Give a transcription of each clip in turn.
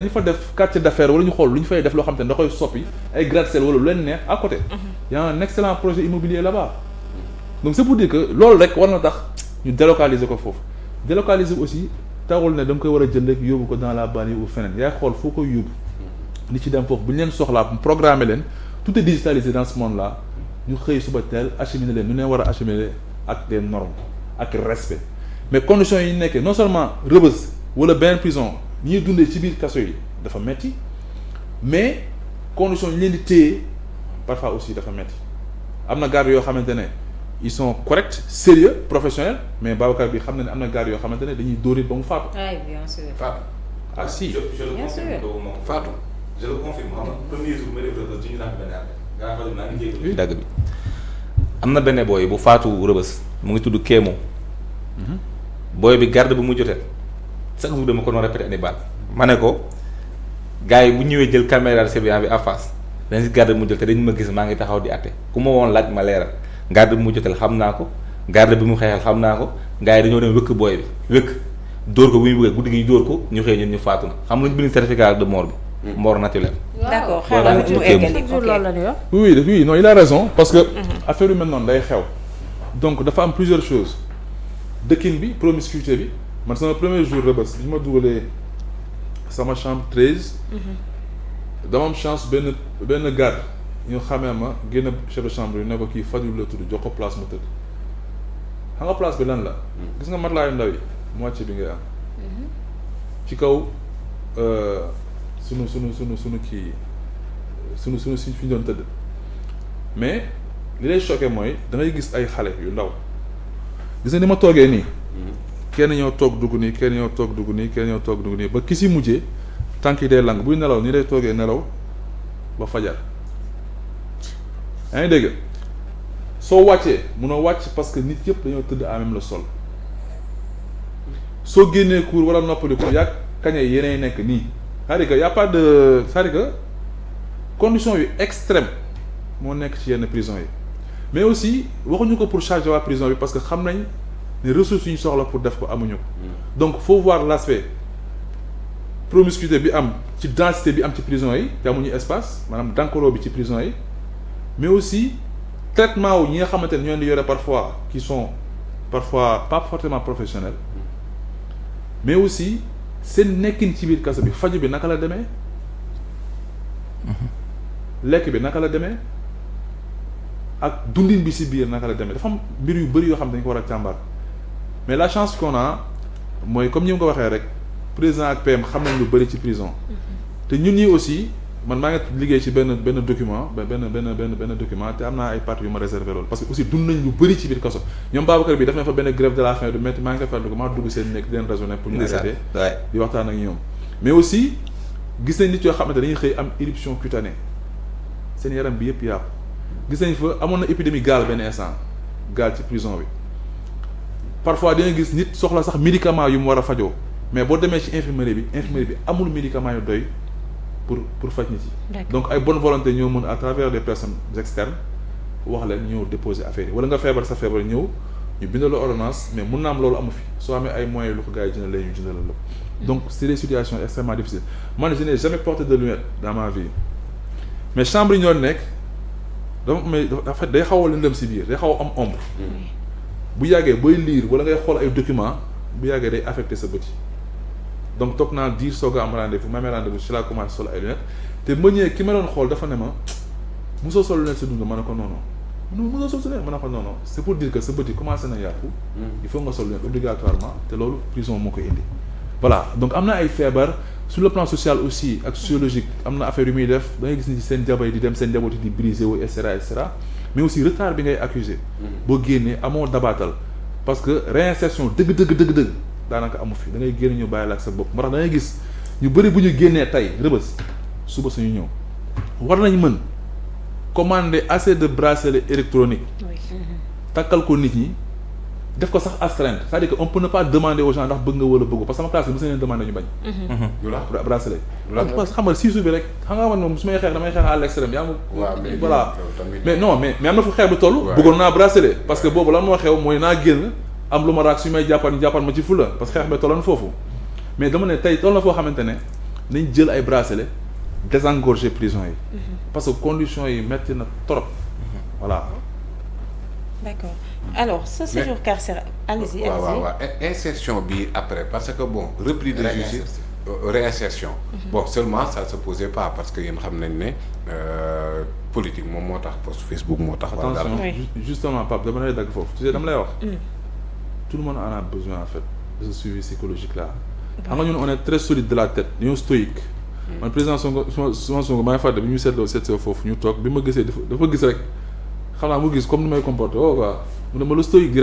dañu fa def quartier d'affaires wala ñu xool lu ñu fay def loo xam te ne da koy soppi ay gratte-ciel wala lu leen neex à côté mhm. y a pour dire que loolu rek war na tax ñu délocaliser ko foofu délocaliser aussi taxul ne da koy war a jël rek yóbbu ko dans la banlieue ou feneen yaay xool foo koy yóbbu mhm. ni ci dem foofu bu ñu leen soxlaa programmer leen tout est digitalisé dans ce monde là ñu xëy suba teel acheminer leen ñu leen war a acheminer ak des normes ak respect mais conditions yi ñu nekkee non seulement Rebeuss wala benn prison ni dundee ci biir kaso yi dafa metti mais condition yi ñu leen di téye parfois aussi dafa metti am na garde yoo xamante ne il sont corrects sérieux professionnels mais Babacar bi xam na ne am na garde yoo xamante ne dañuy dóor ba mu faatu. Ah, oui bien sûr faatu. ah si je dagg bi am na benn booy bu faatu rëbës mu ngi tudd Kémo. Mhm. booy bi garde bu mu jotee. chaque jour dama ko doon répété ani ma ne ko gars yi bu ñëwee jël caméra de bi en face dañ si garde mu jël te dañ ma gis maa ngi taxaw di atte ku ma woon laaj ma leeral garde bi mu jotal xam naa ko garde bi mu xeexal xam naa ko gars yi dañoo dem wëkk booy bi wëkk dóor ko bu ñu bëggee guddi gi dóor ko ñu xëy ñu faatu na xam luñ bind certificat de mort bi. Hmm. mort naturelle. d'accord xaaral mu eggali ok oui oui non a raison parce que. Hmm. affaire yu mel noonu day xew. donc dafa am plusieurs choses dëkkin bi promiscuité bi. man sama premier jour rëbës bi ñu ma dugalee sama chambre treize mhm. dama chance benn benn garde ñu xamee ma génn chef de chambre yu ne ko kii Fadil la tudd jox ko place mu tëdd xam nga place bi lan la mhm. gis nga matelas yu ndaw yi moitié bi ngay am mhm. ci kaw euh, sunu sunu sunu sunu kii sunu sunu si fi ñu doon tëdd mais li lay choqué mooy dangay gis ay xale yu ndaw gis nga ni ma toogee nii kenn ñoo toog dugg nii kenn ñoo toog dugg nii kenn ñëw toog dugg nii ba ki si mujjee tànk yi day lang buy nelaw nii lay toogee nelaw ba fajar yaa ngi dégg soo wàccee munoo wàcc parce que nit yëpp dañoo tëdd à même sol soo génnee cour wala noppaliku yàgg kañe yeneen nekk nii c'est-à-dire que y a pas de c'est-à-dire condition yu extrême moo nekk ci yenn prison yi mais aussi waxuñu ko pour charger waa prison bi parce que xam nañ ne ressources yu ñu soxla pour def ko amuñu ko. Hmm. donc faut voir l' aspect bi am ci densité bi am ci prison yi te amuñu espace maanaam dankaloo bi ci prison yi mais aussi traitement wu ñi nga xamante ne ñoo di yore parfois qui sont parfois pas forcément professionnels hmm. mais aussi seen nekkin ci biir kaso bi faju bi naka la demee mhm. lekk bi naka la demee. ak dundin bi ci biir naka la demee dafa mbir yu bëri yoo xam ne dañ ko war a càmbar mais la chance qu'on mooy comme ni ma ko waxee rek président ak PM xam nañ lu bëri ci prison mm-hmm. te ñun ñi aussi man maa ngi liggéey ci benn benn document benn benn benn benn document te am naa ay parties yu ma réservé loolu parce que aussi dund nañ lu bëri ci biir kaso ñoom Babacar bi def na fa benn grève de la faim du métti maa ngi koy fàttaliku maa dugg seen nekk di leen raisonné pour ñu arrêté di waxtaan ak ñoom mais aussi gis nañ nit yoo xamante dañuy xëy am éruption cutanée seen yaram bi yëpp yàpp gis nañ fa amoon na épidémie gaal benn instant gaal ci prison bi parfois di gis nit soxla sax médicament yu mu war a fajoo mais boo demee ci infirmerie bi infirmerie bi amul médicament yu doy pour pour faj nit yi donc ay bonne volonté ñoo mën à travers des personnes externes wax leen ñëw déposer affaire yi wala nga feebar sa feebar ñëw ñu bindal la mais mun naa am loolu amu fi soo amee ay moyens lu ko gars yi jënd la ñu jëndal la mm. donc c'est des situations extrêmement difficiles man je jamais porté de lunettes dans ma vie mais chambre yi ñoo nekk mais dafa day xaw a lëndëm si biir day xaw a am ombre bu yàggee booy liir wala ngay xool ay document bu yàggee day affecté sa bët yi donc toog naa diir soo a am rendez-vous ma amee rendez-vous ci laa commencé sol ay lunettes te ma ki ma doon xool dafa ne ma soo sol lunette sa dund ma ne ko non non non mosoo sol sa lunette ma ne ko non c'est pour dire que sa bët yi commencé na yàqu. Mm. il faut nga sol lunette obligatoirement te loolu prison moo koy indi. voilà donc am na ay feebar su le plan social aussi ak sociologique am na affaire yu muy def da ngay gis seen jabar di dem seen njaboot yi di brisé wu et mais aussi retard bi ngay accusé mm-hmm. boo génnee amoo dabaatal parce que réinsertion dëgg dëgg dëgg dëgg daanaka amu fi da ngay génn ñu bàyyi la ak sa bopp moo tax da gis ñu bëri bu ñu génnee tey rëbës suba suñu ñëw war nañ mën commander assez de bracelets électroniques takkal ko nit ñi def ko sax astreinte c'est-à-dire que on peut ne pas demander aux ndax bëgg nga wala bëggu parce que sama classe bi bu ñu ñu bañ. du mm-hmm. la bracelet. moom su mais non mais am na fu xeex bi toll. bëggoon naa bracelet parce boobu lan moo xew mooy naa génn am lu ma raak su may jàppan ñu jàppan ma ci fula parce xeex bi tolloon foofu mais dama ne tey toll na foo xamante ne nañ jël ay bracelet désengorger prison yi. Mm-hmm. parce que yi metti d'accord alors ce séjour carcéral allez-y allez-y waaw waaw insertion bi après parce que bon repris de justice réinsertion euh, mhm. bon seulement ça se posait pas parce que yéen xam nañ ne euh, politique moom moo tax post Facebook moo tax wala daal justement Pape dama lay dagg foofu tu sais dama lay wax mm. tout le monde en a besoin en fait de ce suivi psychologique là xam nga ñun on est très solide de la tête ñoo stoïque mm. man président Sonko Sonko maa ngi fàtte bi ñu seetloo seet foofu ñu toog bi ma gisee dafa dafa gis rek xam naa mu gis comme ni may comporté woo oh, quoi mu ne ma lu stoïque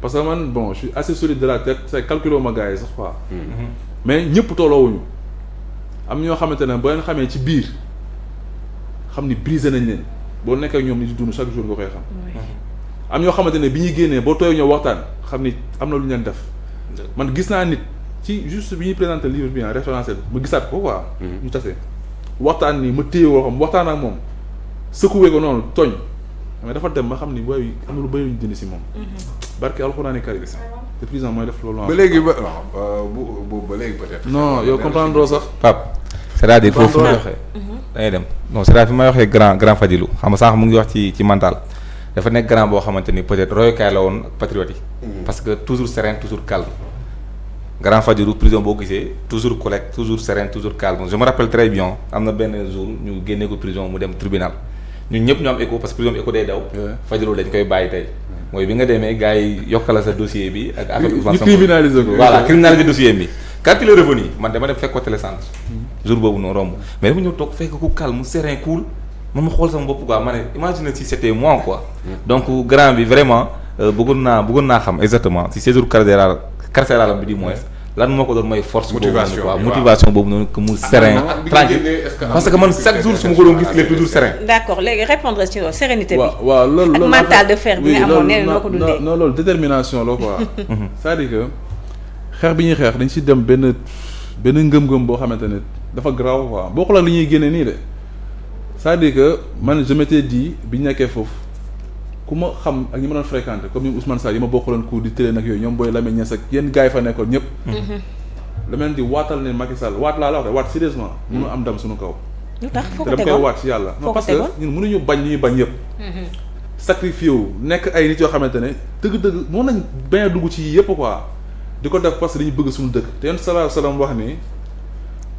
parce que man bon je suis de la tête c'est calculé ma gars yi sax quoi. Mm-hmm. mais ñëpp tolloowuñu am ñoo xamante ne boo leen xamee ci biir xam ni brisé nañ leen boo nekkee ñoom ni di dund chaque jour nga koy xam. Mm-hmm. am ñoo xamante ne bi ñuy génnee boo tooyee ñoo waxtaan xam ni am na lu ñeen def. man gis naa nit ci juste bi ñuy présenté livre bi en référence ma gisaat ko quoi. Mm-hmm. ñu tase waxtaan ni ma téye waxtaan ak moom secoué noonu tooñ. mais dafa dem ma xam ni booy am na lu bëri dindi si moom. Mhm. barke alxuraani karim sax te président mooy def loolu. léegi ba bu ba léegi peut-être. yow comprendre sax. Pape c'est-à-dire mhm. dem non c'est-à-dire fi may waxee grand grand mu ngi wax ci ci mental. dafa nekk grand boo xamante ni peut-être royukaay woon patriote yi. Mhm. parce que toujours serein toujours calme. grand Fadilou prison boo gisee toujours correct toujours serein toujours calme je me rappelle très bien am na benn jour ñu génnee ko prison mu dem tribunal. ñu ñëpp ñu am écho parce que plus am écho day daw. fajaru dañ koy bàyyi tey. mooy bi nga demee gars yi yokkala sa dossier bi ak affaire Ousmane Sonko ko voilà criminalisé dossier bi. quand il est man dama dem fekk ko télécentre. Mm-hmm. jour boobu noonu romb mais dama ñëw toog fekk ku calme serein cool man ma xool sama bopp quoi ma ne imagine si c'était moi quoi. Mm-hmm. donc grand bi vraiment euh, bëggoon naa bëggoon naa xam exactement si séjour carcéral carcéral bi di lan moo ko doon mooy force boobu noonu quoi motivation boobu noonu que mu ah, serein parce que man chaque jour su ma ko doon gis il est toujours serein d' accord léegi répondre ci loolu sérénité bi waaw loolu loolu mental de fer bi nga ko dundee non loolu détermination la quoi mhm. c'est-à-dire que xeex bi ñuy xeex dañ si dem benn benn ngëm-ngëm boo xamante ne dafa grave quoi bokkul ak li ñuy génne nii de cest à que man je m'étais dit bi ñu nekkee foofu ku ma xam ak ñi ma doon fréquenté comme ñoom Ousmane yi ma bokkaloon cours di télé nag yooyu ñoom booy Lamine Niass ak yenn gars yi fa nekkoon ñëpp. Mm-hmm. dama di waatal ne Macky Sall waat laa la wax de waat sérieusement mënu am dam suñu kaw. te dama koy waat si yàlla. non parce que ñun mënuñu bañ yëpp. Mm-hmm. sacrifié wu nekk ay nit yoo xamante ne dëgg-dëgg mën nañ bañ a dugg ci yëpp quoi di ko def parce que dañu bëgg suñu dëkk te yoon salaahu salaam wax ni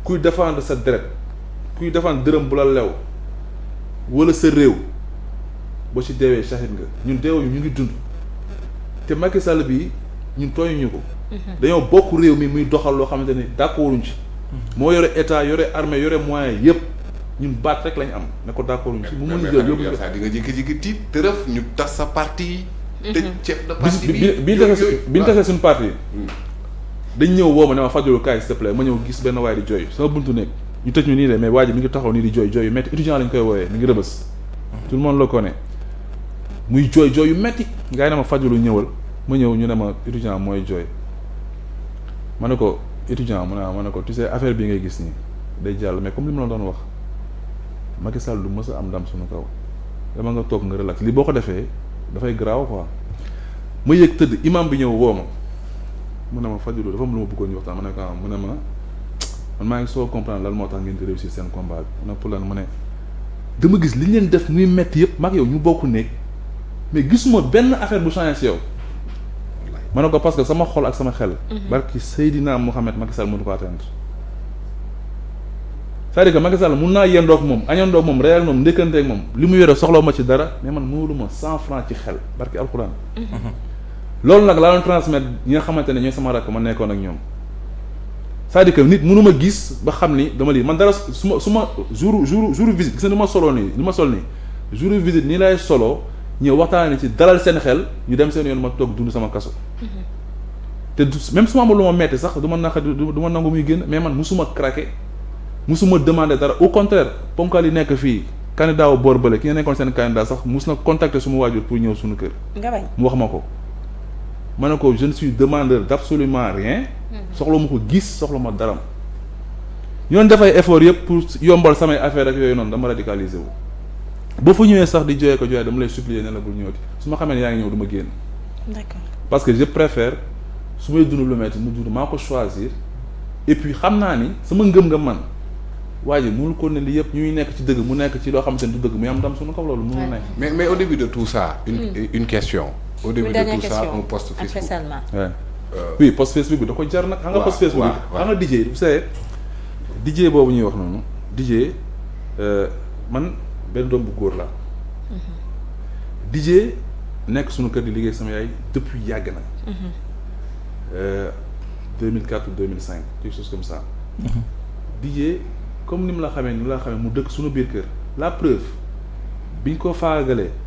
kuy défendre sa deret kuy défendre bu la lew wala sa réew boo ci deewee shahid nga ñun deewuñu ñu ngi dund te Macky Sall bii ñun ñu ko. Mhm. dañoo bokk réew mi muy doxal loo xamante ni d'accorduñ ci. Mhm. moo yore état yore armée yore moyens yëpp ñun baat rek lañ am ne ko d'accorduñ ci. mu mun jël yóbbu nga di nga jékki-jékki tiit tërëf ñu tas sa parti. Mhm. te chef de parti bi bi bi ñu tasee suñu parti. dañ ñëw woo ma ne ma fajulu kaay s'il te plaît ma ñëw gis benn waay di jooy sama buntu nekk ñu tëj ñu nii de mais waa ji mi ngi taxaw nii di jooy jooy yu métti étudiant lañ koy wooyee mi ngi rëbës. tout le monde le muy jooy jooy yu metti gars yi ne ma fajulu ñëwal ma ñëw ñu ne ma étudiant mooy jooy ma ne ko étudiant mu ne ma ne ko tu sais affaire bi ngay gis nii day jàll mais comme li ma doon wax Macky Sall du am ndam suñu kaw dama nga toog nga relax li boo ko defee dafay garaaw quoi ma yëg tëdd imam bi ñëw woo ma ne ma fajulu dafa am lu ma bëggoon ñu ma ne ko ah, mu ne ma man maa ngi soo comprendre lan moo tax ngeen di seen combat bi mu ne pour lan mu ne dama gis li ñu def muy metti yëpp mag yow ñu bokk nekk mais gisuma benn affaire bu changé si yow ma ne ko parce que sama xol ak sama xel mhm. barki Seydina Mouhamed Macky Sall mënu ko atteindre c'est-à-dire que naa yendoog moom añandoog moom reyal moom ndékkanteeg moom li mu yore soxlaw ma ci dara mais man ma cent franc ci xel barki alxuraan mhm. loolu nag laa doon transmettre ñi nga xamante ne ñooy sama rakk ma nekkoon ak ñoom cest à que nit mënu ma gis ba xam ni dama lii man dara su ma su ma jour jour jour visite gis na li ma solo nii li ma sol nii jour visite nii lay solo ñëw waxtaanee ci dalal seen xel ñu dem seen yoon ma toog dund sama kaso. te du même su ma amul lu ma metti sax du ma naka du ma nangu muy génn mais man musuma craqué musuma demandé dara au contraire ponkal yi nekk fii candidat wu boor bële ki nga nekkoon seen candidat sax mus na contacter suma waajur pour ñëw suñu kër. nga mu wax ma ko. ma ne ko je ne suis demandeur d' absolument rien. Mhm. soxla ma ko gis soxla ma daram. yoon dafay effort yëpp pour yombal samay affaire yooyu noonu dama radicalisé wu. boo fa ñëwee sax di jooyee ko jooyee dama lay supplier ne la bul ñëwati su ma xamee ni yaa ngi ñëw du ma génn. parce que je préfère su may dund lu metti mu dund maa ko choisir et puis xam naa ni sama ngëm-ngëm man waa ji mënul ko ne li yëpp ñuy nekk ci dëgg mu nekk ci loo xam ni du dëgg mu am ndam suñu kaw loolu mënul nekk. mais mais au début de tout ça. une une question. au début de tout ça un post Facebook waaw. Euh, bi da ko jar nag. xam nga post Facebook bi xam nga DJ boobu ñuy wax noonu DJ euh, benn doom bu góor la Dijé nekk suñu kër di liggéey sama yaay depuis yàgg na 2004 euh, ou 2005 quelque chose comme ça ni mu la xamee ni mu la mu dëkk suñu biir kër la preuve biñ ko faagalee